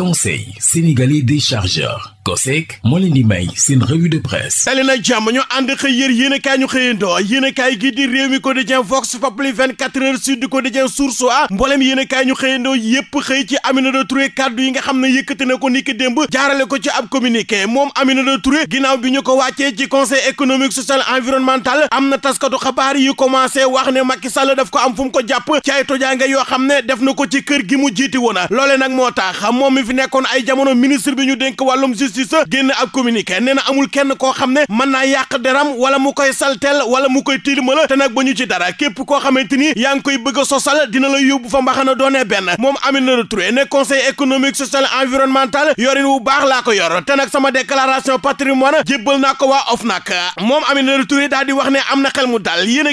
conseil sénégalais des moo leen di may seen revue de presse tali na jàmm ñu ànd xëy yër yéen kaay ñu xëyandoo yéen a kaay gi réew mi quotidien Vox Populi 24 heures sud quotidien Source A mbooleem yéen kaay ñu xëyandoo yépp xëy ci Aminata Touré kàddu yi nga xam ne yëkkati ko niki démb jaarale ko ci ab communiqué moom Aminata Touré ginnaaw bi ñu ko wàccee ci conseil économique social environnemental am na taskatu xabaar yu commencé wax ne Macky fi nekkoon ay jamono ministre bi ñu dénk wàllum justice génn ab communiqué nee na amul kenn koo xam ne mën naa yàq deram wala mu koy saltel wala mu koy tilimala te nag ba ci dara képp koo xamante ni yaa ngi koy bëgg a sosal dina la yóbbu fa mbaxana doonee benn moom Aminata Touré ne conseil économique social environnemental yorin wu baax laa ko yor te nag sama déclaration patrimoine jébbal naa ko waa OFNAC moom Aminata Touré daal di wax ne am na xel mu dal yéen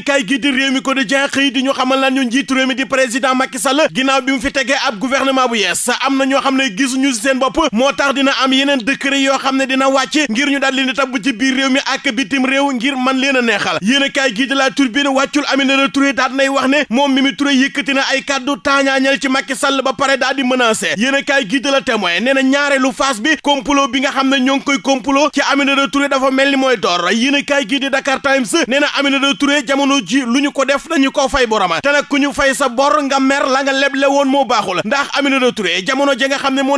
a bi mu fi tegee ab na ñoo gisuñu si seen bopp moo tax dina am yeneen décret xam ne dina wàcc ngir ñu daal leen di tabb ci biir réew mi ak bitim réew ngir man leen a neexal yéen a kaay gii di la turbine wàccul Aminata Touré daal nay wax ne moom Mimi Touré yëkkati na ay kàddu taañaañal ci Macky Sall ba pare daal di menacé yéen a kaay gii di la témoin nee na ñaareelu phase bi complot bi nga xam ne ñoo ngi koy complot ci Aminata Touré dafa mel ni mooy door yéen a kaay gii di Dakar Times nee na Aminata Touré jamono ji lu def dañu ko fay boroma te nag ku fay sa bor nga mer la nga leble woon moo baaxul ndax Aminata Touré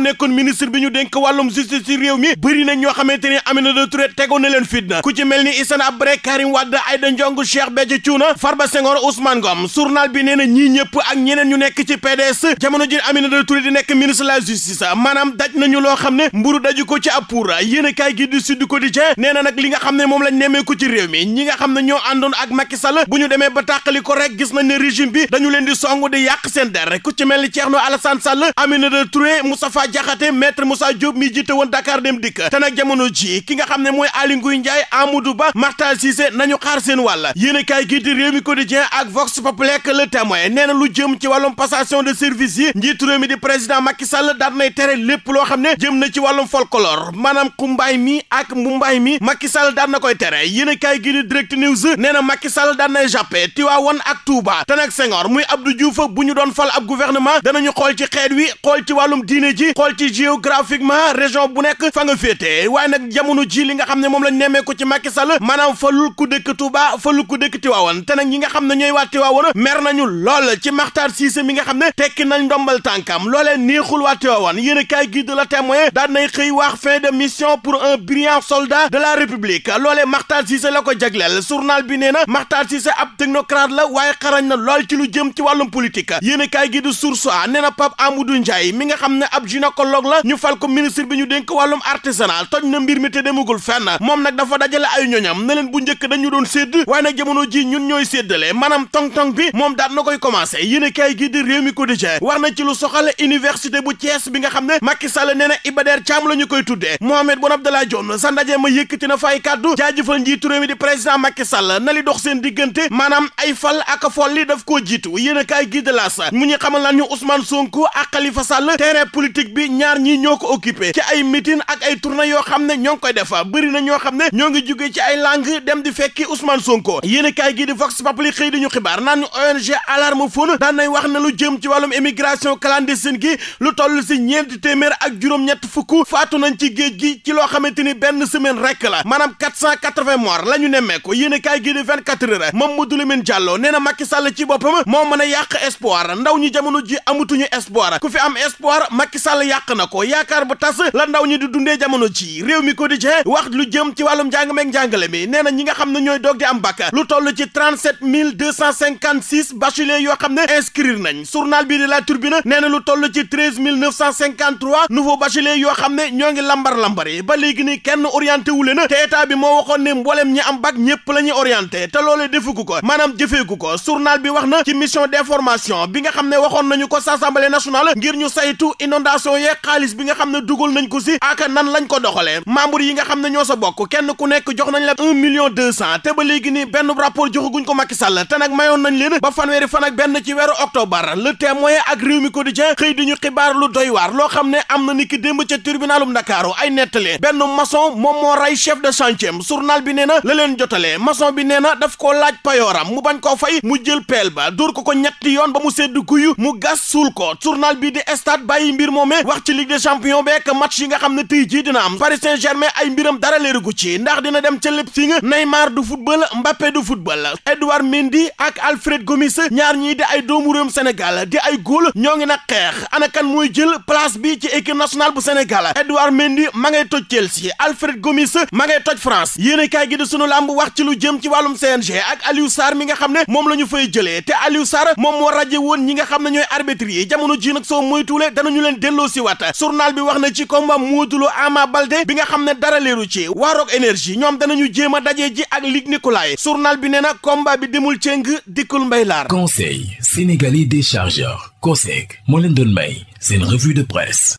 moo nekkoon ministre bi ñu dénk wàllum justice ci réew mi bëri nañ ñoo xamante ni Aminata Touré tegoon na leen fitna ku ci mel ni Hissène Habré Karim Wade Aïda Ndiongue Cheikh Béthio Thioune Farba Senghor Ousmane Ngom journal bi nee na ñii ñëpp ak ñeneen ñu nekk ci PDS jamono ji Aminata Touré di nekk ministre de la justice daj nañu loo xam ne mburu daju ko ci ab pour yéen a kaay gi di Sud Quotidien nee na nag li nga xam ne moom lañ nemmeeku ci ba tàqali ko rek Jaxate maître Moussa Diop mi jiite woon Dakar dem dikk te nag jamono ji ki nga xam ne mooy Aly Ngouille Ndiaye Amadou Ba Makhtar nañu xaar seen wàll yéen kaay gi di Rewmi Quotidien ak Vox Populi ak Le Témoin nee na lu jëm ci wàllum passation de service yi njiitu réew mi di président Macky Sall daan nay tere lépp loo xam ne jëm na ci wàllum folklore maanaam xumbaay mi ak mbumbaay mi Macky Sall daan na koy tere yéen kaay gi di Direct News nee na Macky Sall daan nay jàppe Tiwaawan ak Touba te nag Senghor muy Abdou Diouf bu ñu doon fal ab gouvernement danañu xool ci xeet wi xool ci wàllum diine ji bi xool ci géographiquement région bu nekk fa nga féetee waaye nag jamono ji li nga xam ne moom lañ nemmee ko ci Macky Sall maanaam falul ku dëkk Touba falul ku dëkk Tivaouane te nag ñi nga xam ne ñooy waa Tivaouane mer nañu lool ci Makhtar Cissé mi nga xam ne tekki nañ ndombal tànkam loolee neexul waa Tivaouane yéen a kaay gi de la témoin daan nay xëy wax fin de mission pour un brillant soldat de la République loolee Makhtar Cissé la ko jagleel journal bi nee na Makhtar la waaye xarañ na lool ci lu jëm ci wàllum politique a kaay gi de A gynécologue la ñu fal ko ministre bi ñu dénk wàllum artisanal toj na mbir mi te demagul fenn moom nag dafa dajale ay ñoñam ne leen bu njëkk dañu doon sédd waaye nag jamono ji ñun ñooy le maanaam tong-tong bi moom daat na koy commencé yéene kaay gi di réew mi quotidien wax na ci lu soxal université bu Thiès bi nga xam ne ma Sall nee na Iba la ñu koy tuddee Mohamed Boun Abdallah Dionne sa ndaje ma yëkkati na fay kàddu jaajëfal njiitu réew mi di président Macky Sall na li dox seen diggante maanaam koo jiitu yéene kaay gi de laas mu ñu xamal naan ñu Ousmane politique bi ñaar ñii ñoo ko occupé ci ay mitin ak ay tournée yoo xam ne ñoo ngi koy def bëri na ñoo xam ne ñoo ngi jugee ci ay langue dem di fekki Ousmane Sonko yéen kaay gii di Vox Populi xëy ñu xibaar naan ñu ONG Alarme Phone daan nay wax ne lu jëm ci wàllum immigration clandestine gi lu toll si ñeenti téeméer ak juróom-ñett fukk faatu nañ ci géej gi ci loo xamante ni benn semaine rek la maanaam 480 morts la ñu nemmeeku yéen kaay gii di 24 heures Mamadou Lamine Diallo nee na Macky Sall ci boppam moo mën a yàq espoir ndaw ñi jamono ji amatuñu espoir ku fi am espoir Macky Sall Sall yàq na ko yaakaar bu tas la ndaw ñi di dundee jamono ci réew mi quotidien wax lu jëm ci wàllum njàng meeg njàngale mi nee na ñi nga xam ne ñooy doog di am bac lu toll ci 37 256 bacheliers yoo xam ne inscrire nañ journal bi de la Tribune nee na lu toll ci 13 953 nouveaux bacheliers yoo xam ne ñoo ngi lambar lambari ba léegi ni kenn orienté wu na te état bi moo waxoon ne mboolem ñi am bac ñëpp la ñuy orienté te loolee defugu ko maanaam jëfeegu ko journal bi wax na ci mission d'information bi nga xam ne waxoon nañu ko sa assemblée nationale ngir ñu saytu inondation élection yee xaalis bi nga xam ne dugal nañ ko si ak nan lañ ko doxalee membre yi nga xam ne ñoo sa bokk kenn ku nekk jox nañ la un million deux cent te ba léegi ni benn rapport joxaguñ ko Macky Sall te nag mayoon nañ leen ba fanweeri fan ak benn ci weeru octobre le témoin ak réew mi quotidien xëy di ñu xibaar lu doy waar loo xam ne am na ni ki démb ca tribunalum Ndakaaru ay nettali benn maçon moom moo rey chef de chantier journal bi nee na la leen jotalee maçon bi nee na daf koo laaj payooram mu bañ koo fay mu jël peel ba dóor ko ko ñetti yoon ba mu sedd guyu mu gas suul ko journal bi di stade bàyyi mbir moome wax ci ligue des champions beek match yi nga xam ne tey jii dina am Paris Saint-Germain ay mbiram dara leerugu ci ndax dina dem ca Leipzig Neymar du football Mbappé du football Edouard Mendy ak Alfred Gomis ñaar ñii di ay doomu réewum Sénégal di ay góol ñoo ngi nag xeex ana kan mooy jël place bi ci équipe nationale bu Sénégal Edouard Mendy ma ngay toj Chelsea Alfred Gomis ma ngay toj France yéen kaay gi di sunu làmb wax ci lu jëm ci wàllum CNG ak Aliou Sarr mi xam ne moom la ñu fay jëlee te Aliou moom moo raje woon ñi nga xam ne ñooy arbitre yi jamono ji nag soo moytuwulee danañu leen delloo si wat bi wax na ci combat Modou Lo Ama Baldé bi nga xam ne dara leeru ci Waarok énergie ñoom danañu jéem a daje ji ak Luc Nicolaï journal bi nee na combat bi demul di dikkul mbay laar conseil sénégalais des chargeurs COSEC moo leen doon may seen revue de presse